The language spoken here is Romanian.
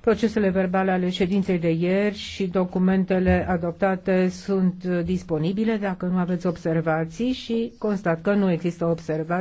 Procesele verbale ale ședinței de ieri și documentele adoptate sunt disponibile dacă nu aveți observații și constat că nu există observații.